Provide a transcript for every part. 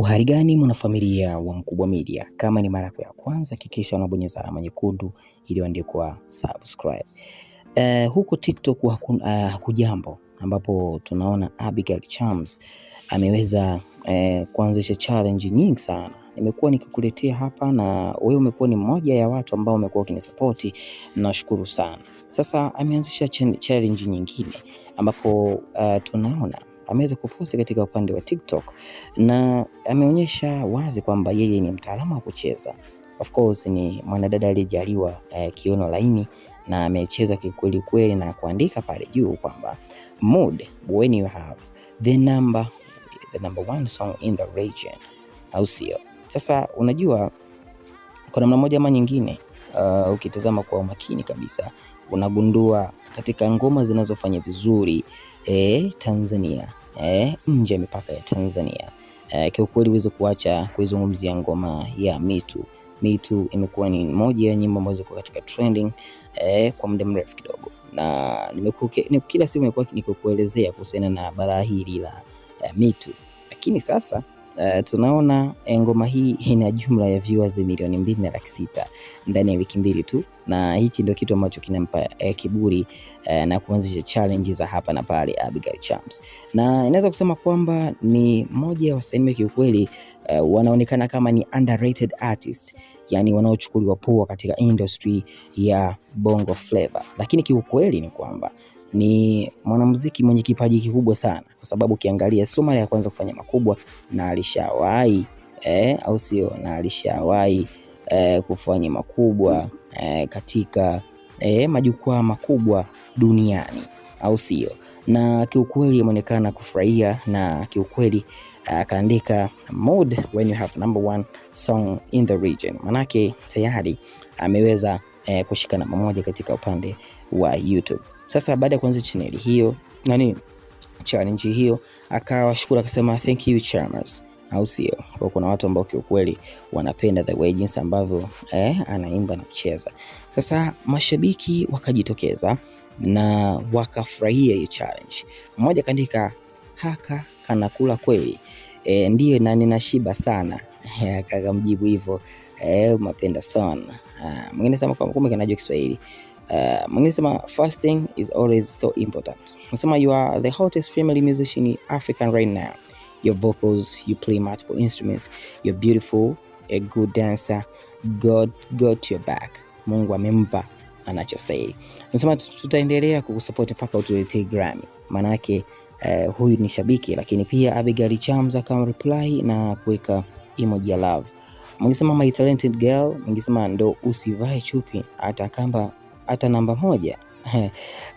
Uhari gani mwanafamilia wa Mkubwa Media? Kama ni mara yako ya kwanza, hakikisha unabonyeza alama nyekundu iliyoandikwa subscribe. Eh, huko TikTok eh, hakujambo, uh, ambapo tunaona Abigail Chams ameweza eh, kuanzisha challenge nyingi sana nimekuwa nikikuletea hapa na wewe umekuwa ni mmoja ya watu ambao umekuwa ukinisapoti, nashukuru sana. Sasa ameanzisha challenge nyingine ambapo uh, tunaona ameweza kuposti katika upande wa TikTok na ameonyesha wazi kwamba yeye ni mtaalamu wa kucheza. Of course ni mwanadada aliyejaliwa eh, kiuno laini na amecheza kikweli kweli na kuandika pale juu kwamba mood when you have the number the number one song in the region, au sio? Sasa unajua kwa namna moja ama nyingine, uh, ukitazama kwa umakini kabisa unagundua katika ngoma zinazofanya vizuri eh, Tanzania eh, nje ya mipaka ya Tanzania. Eh, kiukweli huwezi kuacha kuizungumzia ngoma ya mitu mitu imekuwa ni moja ya nyimbo ambazo ziko katika trending eh, kwa muda mrefu kidogo, na nimekuwa kila siku nimekuwa nikikuelezea kuhusiana na balaa hili la eh, Mitu, lakini sasa Uh, tunaona eh, ngoma hii ina jumla ya viewers milioni mbili na laki sita ndani ya wiki mbili tu, na hichi ndio kitu ambacho kinampa eh, kiburi eh, na kuanzisha challenge za hapa na pale Abigail Chams, na inaweza kusema kwamba ni moja ya wasanii kiukweli eh, wanaonekana kama ni underrated artist, yani wanaochukuliwa poa katika industry ya Bongo Flava, lakini kiukweli ni kwamba ni mwanamuziki mwenye kipaji kikubwa sana, kwa sababu ukiangalia sio mara ya kwanza kufanya makubwa, na alishawahi eh, au sio? Na alishawahi eh, kufanya makubwa eh, katika eh, majukwaa makubwa duniani, au sio? Na kiukweli ameonekana kufurahia, na kiukweli eh, akaandika mode when you have number one song in the region, manake tayari ameweza eh, kushika namba moja katika upande wa YouTube. Sasa baada ya kuanza chaneli hiyo nani challenge hiyo, akawashukuru akasema thank you charmers au sio? Kwa kuna watu ambao kiukweli wanapenda the way jinsi ambavyo eh, anaimba na kucheza. Sasa mashabiki wakajitokeza na wakafurahia hiyo challenge. Mmoja kaandika haka kanakula kweli e, ndiyo na ninashiba sana akamjibu hivyo e, eh, mapenda sana. Ah, mwingine sema kwa kumbe kanajua Kiswahili. Uh, fasting is always so important. nasema you are the hottest family musician in african right now. Your vocals, you play multiple instruments, you're beautiful, a good dancer. God got your back. Mungu amempa anachostahili. nasema tutaendelea kukusupoti mpaka utuletee grami Maana uh, huyu ni shabiki lakini pia Abigail chams kama reply na kuweka emoji ya love. Mungisema my talented girl, Mungisema ndo usivae chupi hata kamba hata namba moja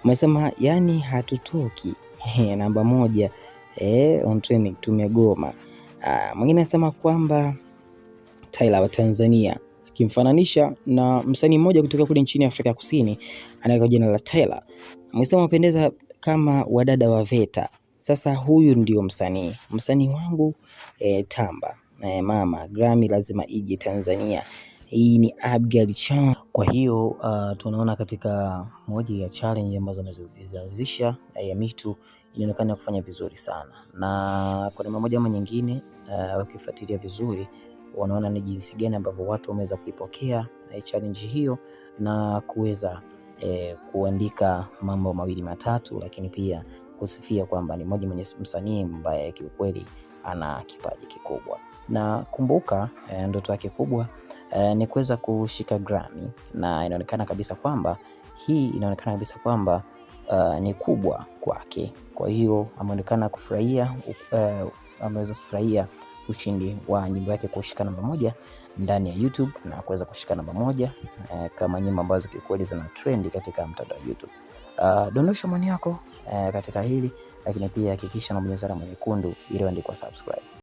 umesema yani hatutoki namba moja eh, on training tumegoma. Ah, mwingine anasema kwamba Tyla wa Tanzania akimfananisha na msanii mmoja kutoka kule nchini Afrika ya Kusini anaweka jina la Tyla, amesema wapendeza kama wadada wa VETA. Sasa huyu ndio msanii msanii wangu eh, tamba eh, mama Grammy lazima ije Tanzania. Hii ni Abigail Chan. Kwa hiyo uh, tunaona katika moja ya challenge ambazo amezianzisha eh, ya Mitu inaonekana kufanya vizuri sana, na kwa namna moja ama nyingine uh, wakifuatilia vizuri wanaona ni jinsi gani ambavyo watu wameweza kuipokea eh, challenge hiyo na kuweza eh, kuandika mambo mawili matatu, lakini pia kusifia kwamba ni moja mwenye msanii ambaye kiukweli ana kipaji kikubwa na kumbuka eh, ndoto yake kubwa eh, ni kuweza kushika Grammy na inaonekana kabisa kwamba hii inaonekana kabisa kwamba uh, ni kubwa kwake. Kwa hiyo ameonekana kufurahia uh, ameweza kufurahia ushindi wa nyimbo yake kushika namba moja ndani ya YouTube na kuweza kushika namba moja uh, kama nyimbo ambazo kikweli zina trendi katika mtandao wa YouTube. Uh, dondosha maoni yako uh, katika hili lakini pia hakikisha unabonyeza alama nyekundu iliyoandikwa subscribe.